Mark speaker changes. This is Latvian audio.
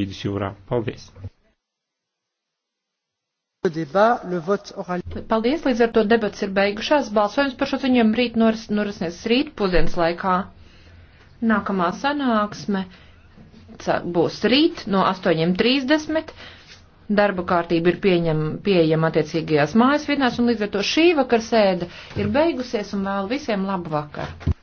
Speaker 1: vidusjūrā. Paldies!
Speaker 2: Paldies, līdz ar to debats ir beigušās. Balsojums par šo ziņojumu rīt noris, norisnies rīt pusdienas laikā. Nākamā sanāksme būs rīt no 8.30. Darba kārtība ir pieņem, pieejama attiecīgajās mājas vietnās, un līdz ar to šī vakar sēde ir beigusies, un vēl visiem labu vakaru!